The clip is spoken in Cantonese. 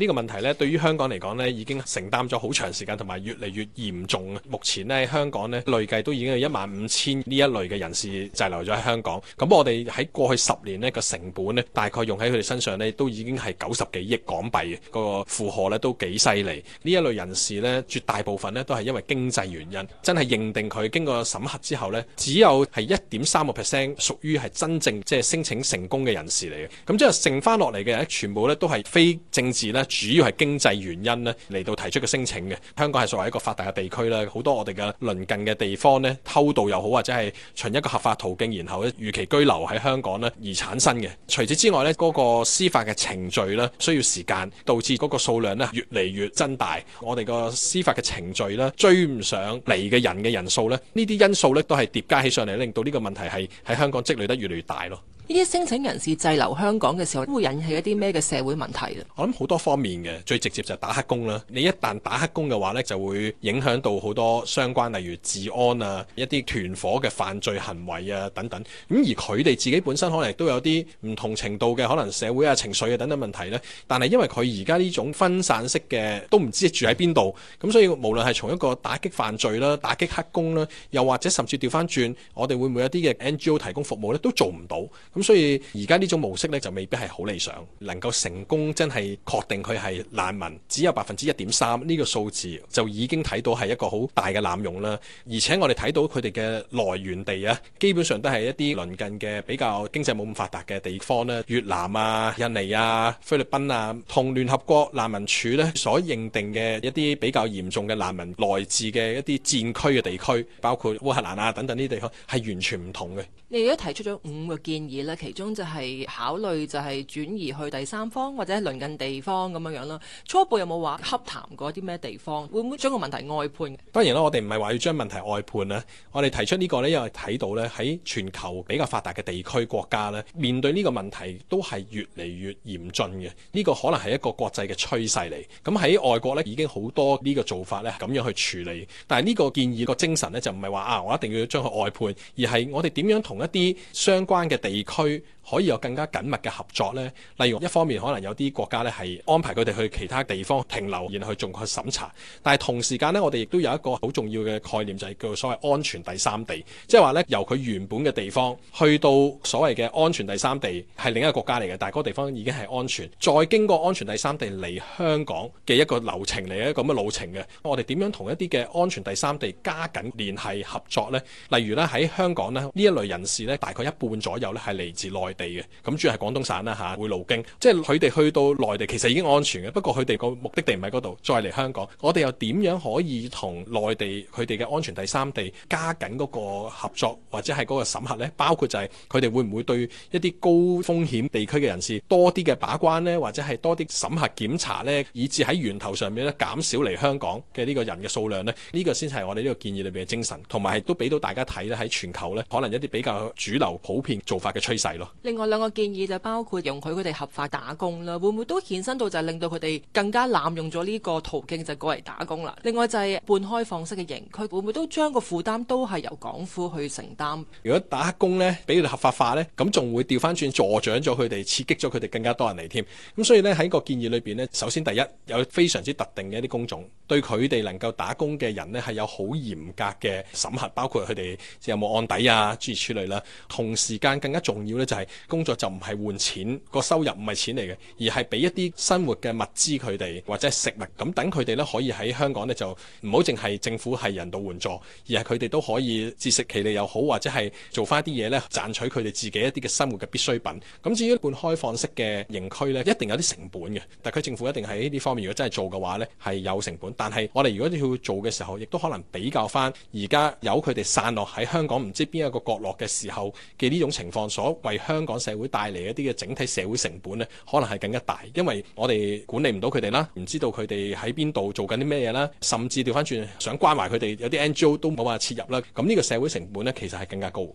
呢個問題呢對於香港嚟講呢已經承擔咗好長時間，同埋越嚟越嚴重。目前呢香港呢累計都已經有一萬五千呢一類嘅人士滯留咗喺香港。咁我哋喺過去十年呢個成本呢大概用喺佢哋身上呢都已經係九十幾億港幣個嗰個負荷呢都幾犀利。呢一類人士呢絕大部分呢都係因為經濟原因，真係認定佢經過審核之後呢只有係一點三個 percent 屬於係真正即係申請成功嘅人士嚟嘅。咁之後剩翻落嚟嘅全部呢都係非政治呢主要係經濟原因咧嚟到提出嘅申請嘅，香港係作為一個發達嘅地區啦，好多我哋嘅鄰近嘅地方咧偷渡又好或者係循一個合法途徑，然後咧逾期居留喺香港咧而產生嘅。除此之外咧，嗰個司法嘅程序咧需要時間，導致嗰個數量咧越嚟越增大，我哋個司法嘅程序咧追唔上嚟嘅人嘅人數咧，呢啲因素咧都係疊加起上嚟，令到呢個問題係喺香港積累得越嚟越大咯。呢啲申請人士滯留香港嘅時候，都會引起一啲咩嘅社會問題？我諗好多方面嘅，最直接就係打黑工啦。你一旦打黑工嘅話呢就會影響到好多相關，例如治安啊、一啲團伙嘅犯罪行為啊等等。咁而佢哋自己本身可能亦都有啲唔同程度嘅可能社會啊、情緒啊等等問題呢。但係因為佢而家呢種分散式嘅，都唔知住喺邊度，咁所以無論係從一個打擊犯罪啦、打擊黑工啦，又或者甚至調翻轉，我哋會唔會有啲嘅 NGO 提供服務呢？都做唔到。咁所以而家呢種模式咧就未必係好理想，能夠成功真係確定佢係難民，只有百分之一點三呢個數字就已經睇到係一個好大嘅濫用啦。而且我哋睇到佢哋嘅來源地啊，基本上都係一啲鄰近嘅比較經濟冇咁發達嘅地方啦，越南啊、印尼啊、菲律賓啊，同聯合國難民署咧所認定嘅一啲比較嚴重嘅難民來自嘅一啲戰區嘅地區，包括烏克蘭啊等等呢啲地方係完全唔同嘅。你而家提出咗五個建議。其中就係考慮就係轉移去第三方或者鄰近地方咁樣啦。初步有冇話洽談過啲咩地方？會唔會將個問題外判？當然啦，我哋唔係話要將問題外判。我哋提出呢個呢，因為睇到呢，喺全球比較發達嘅地區國家呢，面對呢個問題都係越嚟越嚴峻嘅。呢個可能係一個國際嘅趨勢嚟。咁喺外國呢，已經好多呢個做法呢，咁樣去處理。但係呢個建議個精神呢，就唔係話啊，我一定要將佢外判，而係我哋點樣同一啲相關嘅地區可以有更加緊密嘅合作咧。例如一方面可能有啲國家咧係安排佢哋去其他地方停留，然後去仲去審查。但係同時間咧，我哋亦都有一個好重要嘅概念，就係叫做所謂安全第三地，即係話咧由佢原本嘅地方去到所謂嘅安全第三地係另一個國家嚟嘅，但係嗰個地方已經係安全。再經過安全第三地嚟香港嘅一個流程嚟一個咁嘅路程嘅，我哋點樣同一啲嘅安全第三地加緊聯繫合作咧？例如咧喺香港咧，呢一類人士咧大概一半左右咧係。嚟自內地嘅，咁主要係廣東省啦吓，會路經，即係佢哋去到內地其實已經安全嘅，不過佢哋個目的地唔喺嗰度，再嚟香港，我哋又點樣可以同內地佢哋嘅安全第三地加緊嗰個合作，或者係嗰個審核咧？包括就係佢哋會唔會對一啲高風險地區嘅人士多啲嘅把關咧，或者係多啲審核檢查咧，以致喺源頭上面咧減少嚟香港嘅呢個人嘅數量咧？呢個先係我哋呢個建議裏邊嘅精神，同埋都俾到大家睇咧喺全球咧，可能一啲比較主流普遍做法嘅趨勢咯。另外兩個建議就包括容許佢哋合法打工啦，會唔會都衍生到就令到佢哋更加濫用咗呢個途徑就過嚟打工啦？另外就係半開放式嘅營區，會唔會都將個負擔都係由港府去承擔？如果打工呢，俾佢哋合法化呢，咁仲會調翻轉助長咗佢哋，刺激咗佢哋更加多人嚟添。咁所以呢，喺個建議裏邊呢，首先第一有非常之特定嘅一啲工種。對佢哋能夠打工嘅人呢，係有好嚴格嘅審核，包括佢哋有冇案底啊，諸如此類啦。同時間更加重要呢，就係工作就唔係換錢，個收入唔係錢嚟嘅，而係俾一啲生活嘅物資佢哋，或者食物咁等佢哋呢，可以喺香港呢，就唔好淨係政府係人道援助，而係佢哋都可以自食其力又好，或者係做翻一啲嘢呢，賺取佢哋自己一啲嘅生活嘅必需品。咁至於半開放式嘅營區呢，一定有啲成本嘅，特區政府一定喺呢方面，如果真係做嘅話呢，係有成本。但係，我哋如果要做嘅時候，亦都可能比較翻而家有佢哋散落喺香港唔知邊一個角落嘅時候嘅呢種情況，所為香港社會帶嚟一啲嘅整體社會成本呢，可能係更加大，因為我哋管理唔到佢哋啦，唔知道佢哋喺邊度做緊啲咩嘢啦，甚至調翻轉想關懷佢哋，有啲 NGO 都冇話切入啦，咁呢個社會成本呢，其實係更加高。